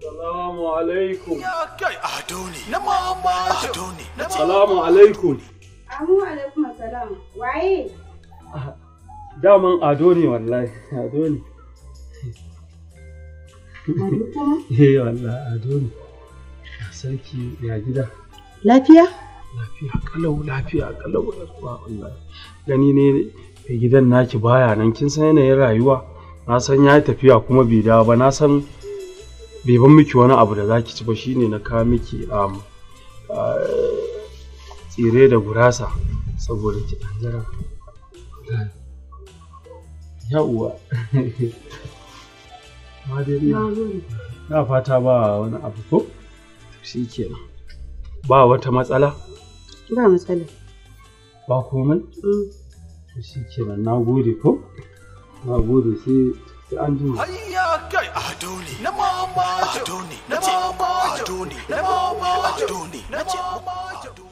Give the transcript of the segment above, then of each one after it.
Salamu alaikum. Ya kai Adoni. Na mama Adoni. ne. Salamu alaikum. Amu alaikum assalam. Waye? Daman ado ne wallahi, ado ne. Eh wallahi Adoni. Ya Sarki ya gida. Lafiya? Lafiya kalau lafiya kalau wallahi. Gani ne gidan naki baya nan kin san yanayin rayuwa. Na san ya tafiya kuma bai dawo ba na san bai ban miki wani abu da zaki ci ba shine na kawo miki um, uh, tsire da gurasa saboda ki ɗan yawwa na fata ba wani abu ko shi ke ba wata matsala ba matsala ba komai mm. shi kenan na gode ko na gode sai an ji kai na na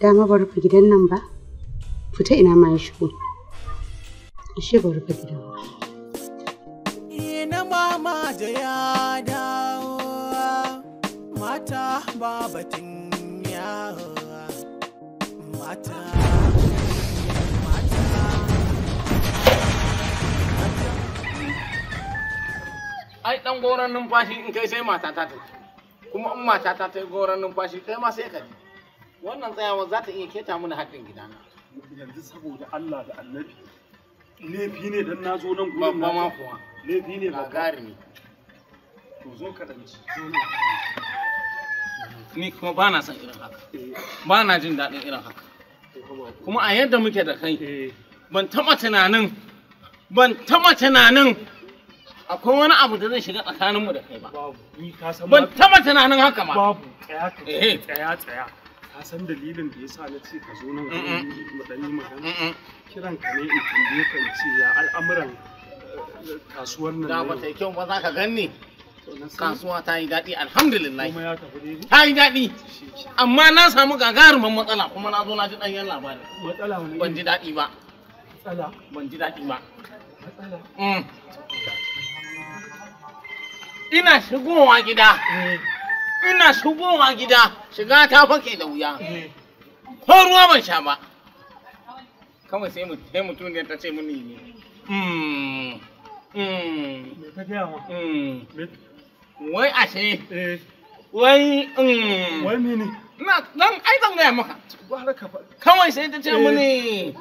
dama ba gidan nan ba fita ina ma ya shigo ba rufe gidan ba eh, na ya dawo mata babatin mata ai dan goran numfashi in kai sai mata ta ta kuma in mata ta ta goran numfashi kai ma sai ka ji wannan tsayawa za ta iya keta mini haƙin gidana yanzu saboda Allah da Annabi laifi ne dan nazo nan gurin babba ma kuwa laifi ne ba gari ne to zo ka danci ni kuma ba na son irin haka eh. ba na jin daɗin irin haka eh, kuma a yadda muke da kai eh. ban taɓa tunanin ban taɓa tunanin akwai wani abu da zai shiga tsakaninmu da kai ba. Ban taba tunanin haka ba. Babu, tsaya eh. tsaya. tsaya tsaya. Ka san dalilin da ya sa na ce ka zo nan dan yi magana. Kiran ka ne in tambaye ka in ce ya al'amuran eh, kasuwar nan. Da ba ta yi kyau ba za ka gan ni. Kasuwa ta yi daɗi alhamdulillah. Ta yi daɗi. Amma na samu gagarumin matsala kuma na zo na ji ɗanyen labari. Matsala wani? Ban ji daɗi ba. Matsala? Ban ji daɗi ba. Matsala? Mm. ina shigowa gida eh. ina shigowa gida shiga ta fake da wuya ko eh. ruwa ban sha ba kawai sai mu sai mutum ne ta ce mini ne hmm. Hmm. Hmm. wai ashe eh. wai wai mini na dan ai zan gaya maka kawai sai ta ce mini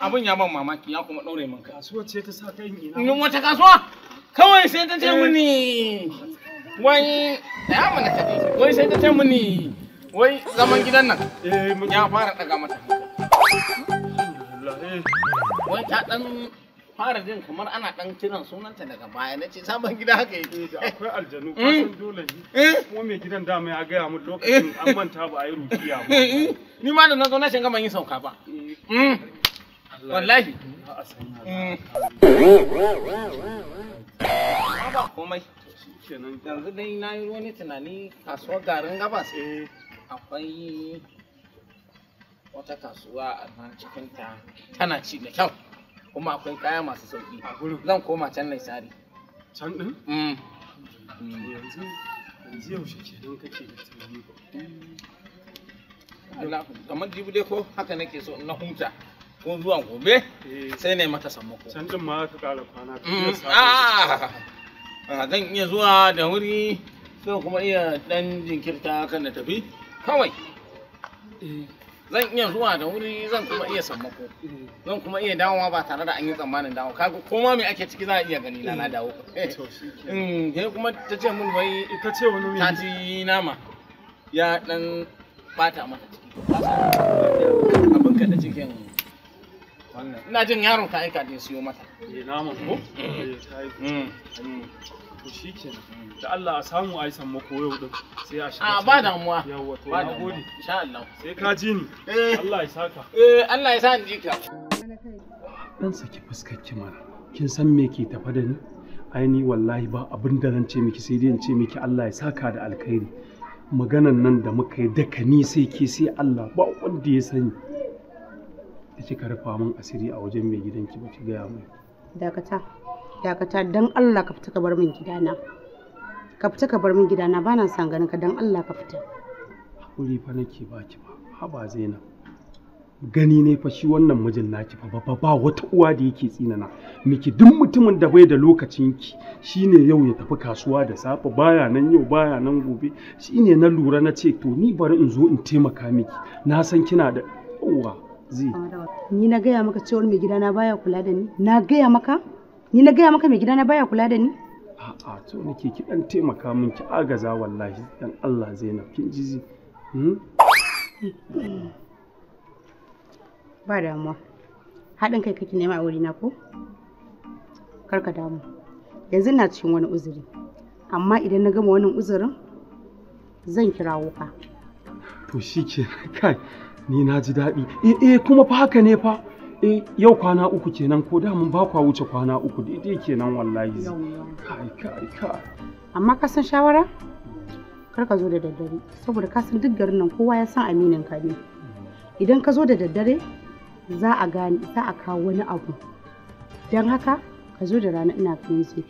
abin ya ban mamaki ya kuma ɗaure min kai. Kasuwa ce ta sa kai ina. Yin wata kasuwa? Kawai sai ta ce eh. mini wai ya mana ta wai sai ta ce mini wai zaman gidan nan eh, ya fara daga mata. Wai ta ɗan fara jin kamar ana ɗan kiran sunanta daga baya na ce Zaman gida haka yake. Eh, akwai aljanu kasan dole ne. Kuma mai gidan dama ya gaya min lokacin an manta ba a yi rukiya ba. Ni ma da na zo na shiga ban yi sauka ba. Mm. wallahi mm. ba komai yanzu dai na yi wani tunani kasuwar garin gabas eh. akwai wata kasuwa a nan cikinta. tana ci da kyau kuma akwai kaya masu sauki zan koma can mai sari can din mm. yanzu yaushe ke don kake da tunani kamar jibi dai ko haka nake so na huta ko zuwan gobe eh. sai na yi mata sammako can din ma ka kara kwana mm. a ah! ah, zan iya zuwa da wuri sai kuma iya dan jinkirta kan na tafi kawai eh. zan iya zuwa da wuri zan kuma iya sammako eh. zan kuma iya dawowa ba tare da an yi tsammanin dawo kaga koma me ake ciki za a iya gani na dawo mm, sai kuma ta ce mun wai ita ce wani ta ci nama ya dan bata mata ciki abin ka da cikin ina jin yaron ka aika din siyo mata eh naman ko mm. to shikenan da Allah a samu a yi sammako yau din sai a shiga a ah, ba damuwa yawa to ba da gode insha Allah sai ka ji ni eh Allah ya saka eh Allah ya sa ni jika dan saki fuskar ki mana kin san me ke tafa da ni aini wallahi ba abin da zan ce miki sai dai in ce miki Allah ya saka da alkhairi maganan nan da muka yi daka ni sai ke sai Allah ba wanda ya sani da ci rufa min asiri a wajen mai gidanki ba ki gaya mai dakata dakata don Allah ka fita ka bar min gidana ka fita ka bar min gidana ba na san ganin ka don Allah ka fita hakuri fa nake ki ba haba na. gani ne fa shi wannan mijin naki fa ba ba wata uwa da yake tsinana miki duk mutumin da bai da lokacin ki shine yau ya tafi kasuwa da safe baya nan yau baya nan gobe shine na lura na ce to ni bari in zo in taimaka miki na san kina da wow. ni na gaya maka cewar mai gidana baya kula da ni na gaya maka ni na gaya maka mai gidana baya kula da ni a'a to nake ki dan taimaka min ki agaza wallahi dan Allah Zainab kin ji zi hmm? ba damuwa haɗin kai kake nema a wurina ko karka damu yanzu na cikin wani uzuri amma idan na gama wannan uzurin zan kirawo ka to shi ke kai ni na ji daɗi eh, eh kuma fa haka ne fa eh yau kwana uku kenan ko da mun ba kwa wuce kwana uku daidai kenan wallahi kai kai kai amma ka san shawara kar ka zo da daddare saboda ka san duk garin nan kowa ya san aminin ka ne idan ka zo da daddare za a gane za a kawo wani abu don haka ka zo da rana ina ganin sai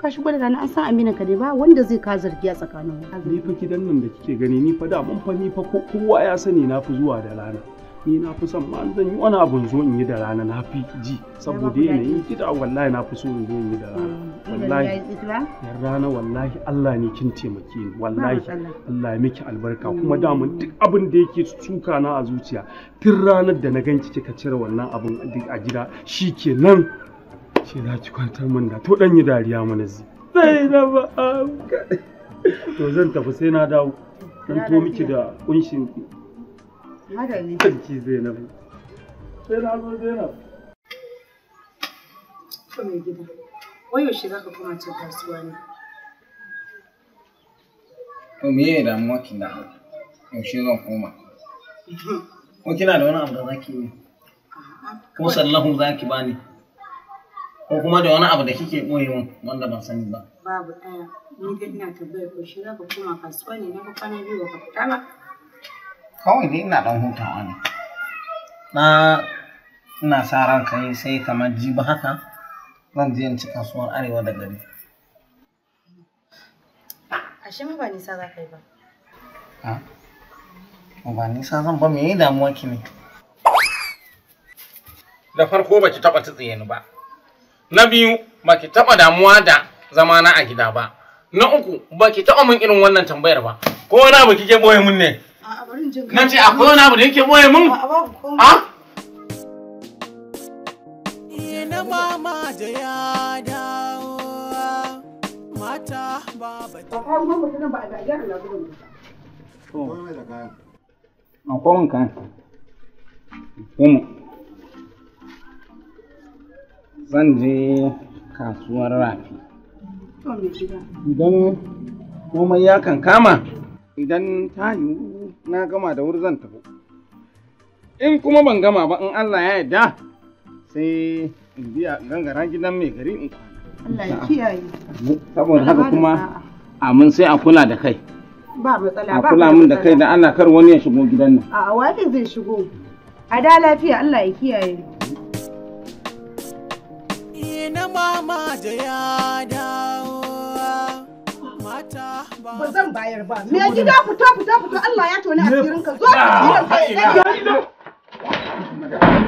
ka shigo da rana an san amina ka ba wanda zai ka zargi a tsakanin ni fa gidan nan da kike gani ni fa da mun fa ni fa kowa ya sani na fi zuwa da rana ni na fi son ma zan yi wani abun zo in yi da rana na fi ji saboda yanayin gida wallahi na fi so in zo in yi da rana mm, wallahi yan rana wallahi Allah ne kin taimake ni wallahi Allah ya miki albarka mm. kuma mun duk abin da yake tsuka na a zuciya tun ranar da na ganki kika cire wannan abun a gida shikenan ce za ki kwantar min da to dan yi dariya mana zi sai na ba ah, to zan tafi sai na dawo dan to miki da kunshin ki haka zai na ba sai na zo Zainab to mai gida wai yaushe zaka koma cin kasuwa ne to me ya damuwa kin da yaushe zan koma ko kina da wani abu da zaki yi ko sallahu zaki bani ko kuma da wani abu da kike ɓoye min wanda ban sani ba. Babu ɗaya, mun ga ina tambayar ko shi za ka koma kasuwa ne na kwana biyu ba ka fita ba. Kawai dai ina ɗan hutawa ne. Na ina sa ran kai sai kamar jibi haka zan je in ci kasuwar arewa da gari. Ashe ma ba nisa za ka yi ba. Ha? Ah, ba nisa zan ba me damuwa ki ne? Da farko ba ki taɓa tsitsiye ni ba. na biyu ba ki taɓa damuwa da zamana a gida ba na uku ba ki taɓa min irin wannan tambayar ba ko wani abu kike boye mun ne na ce akwai wani abu da yake boye mun a ah? eh, Ba mama da ba a Ko Ba mun zan je kasuwar rafi idan komai ya kan kama idan ta yiwu na gama da wuri zan tafi in kuma ban gama ba in allah ya yarda sai in biya gangara gidan mai gari in kwana allah ya kiyaye saboda haka kuma amin sai a kula da kai ba matsala ba a kula min da kai da allah kar wani ya shigo gidan nan a'a wani zai shigo a da lafiya allah ya kiyaye mama da ya dawo mata ba ba zan bayar ba me gida fito fito Allah ya tona asirin ah! ka zo ka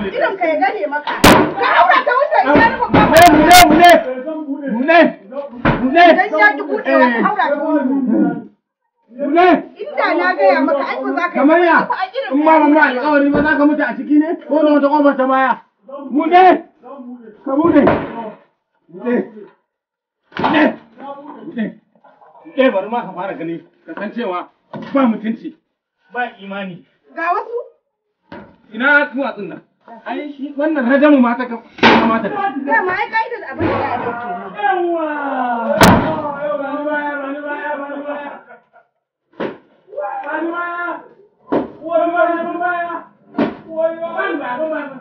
idan ka ya gane maka ka aura ta wanda ya rufe ba ah! mune mune mune mune dan ya ki bude wa eh. aura ta mune inda na gaya maka ai ba za ka kamar ya in ma ba mu alƙawari ba za ka mutu a ciki ne ko da wata ta baya ka Dai bari ma ka fara gani ka san cewa ba mutunci ba imani. Ga wasu? Ina duwatsun nan. Ai shi da. ma ai kaidar abin da ya dauke. Yawwa! baya, baya, baya. baya! Wani baya, baya. Wani baya,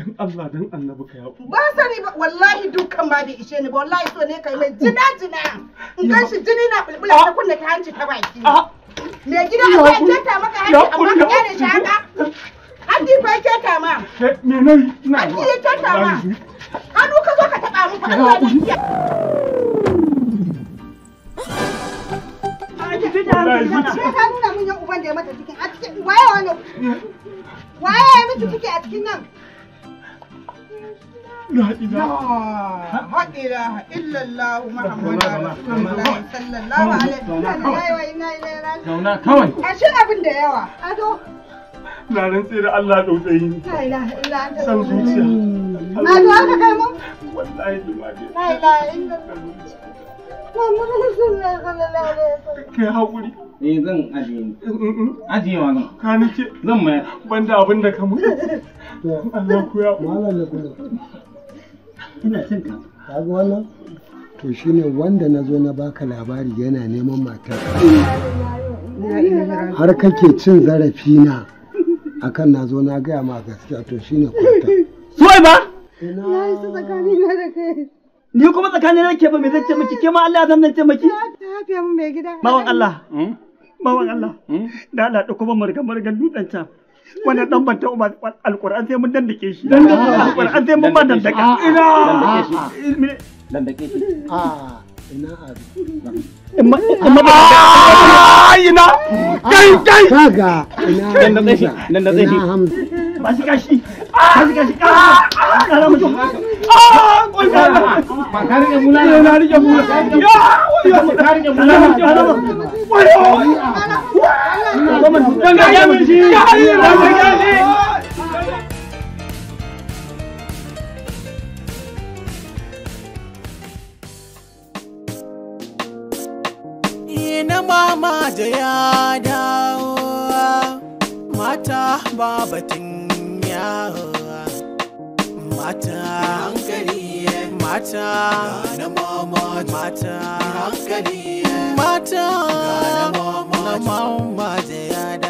dan Allah dan annabi ka yaku ba sani ba wallahi dukan ba bai ishe ni ba wallahi so ne kai mai jina jina in gan shi jini na bulbula ta kunna ta hanci ta baki ah. me gida ba ya keta maka hanci amma ka gane shi haka Hadi ba ke ta ma me ne ina ba hanci ta ta ma Hadu ka zo ka taba mu fa Allah da a waye wannan waye miki a cikin nan لا إله إلا الله محمد رسول الله صلى الله عليه وسلم أشي أبن ديوا أدو na rantse da Allah tsautsayi san zuciya na zo aka kai mu wallahi limaje la ilaha illallah kai hakuri ne eh, zan ajiye mm, mm, mm. ajiyewa nan ka nake zan mayar banda abin da ka mutu Allah ku ya malam ne ina jin ka ga wannan to shine wanda na zo na baka labari yana neman matar har kake cin zarafi na akan na zo na gaya ma gaskiya to shine kwata suwai ba na yi su tsakani na da kai ni kuma tsakanin nake ba me zai ce miki ke ma Allah zan nan ce miki ya mun mai gida bawan Allah hmm? bawan Allah hmm? da Allah da kuma marga marga dutsen can wannan dan banta umar alquran sai mun dandake shi alquran sai mun ba dandaka ina dandake shi a ina a ina kai kai kaga ina dandake shi dandake shi ba shi kashi kasih kasih kasih ah kau jangan yang mulai yang jangan jangan jangan jangan mata hankali mata na mata hankali mata na da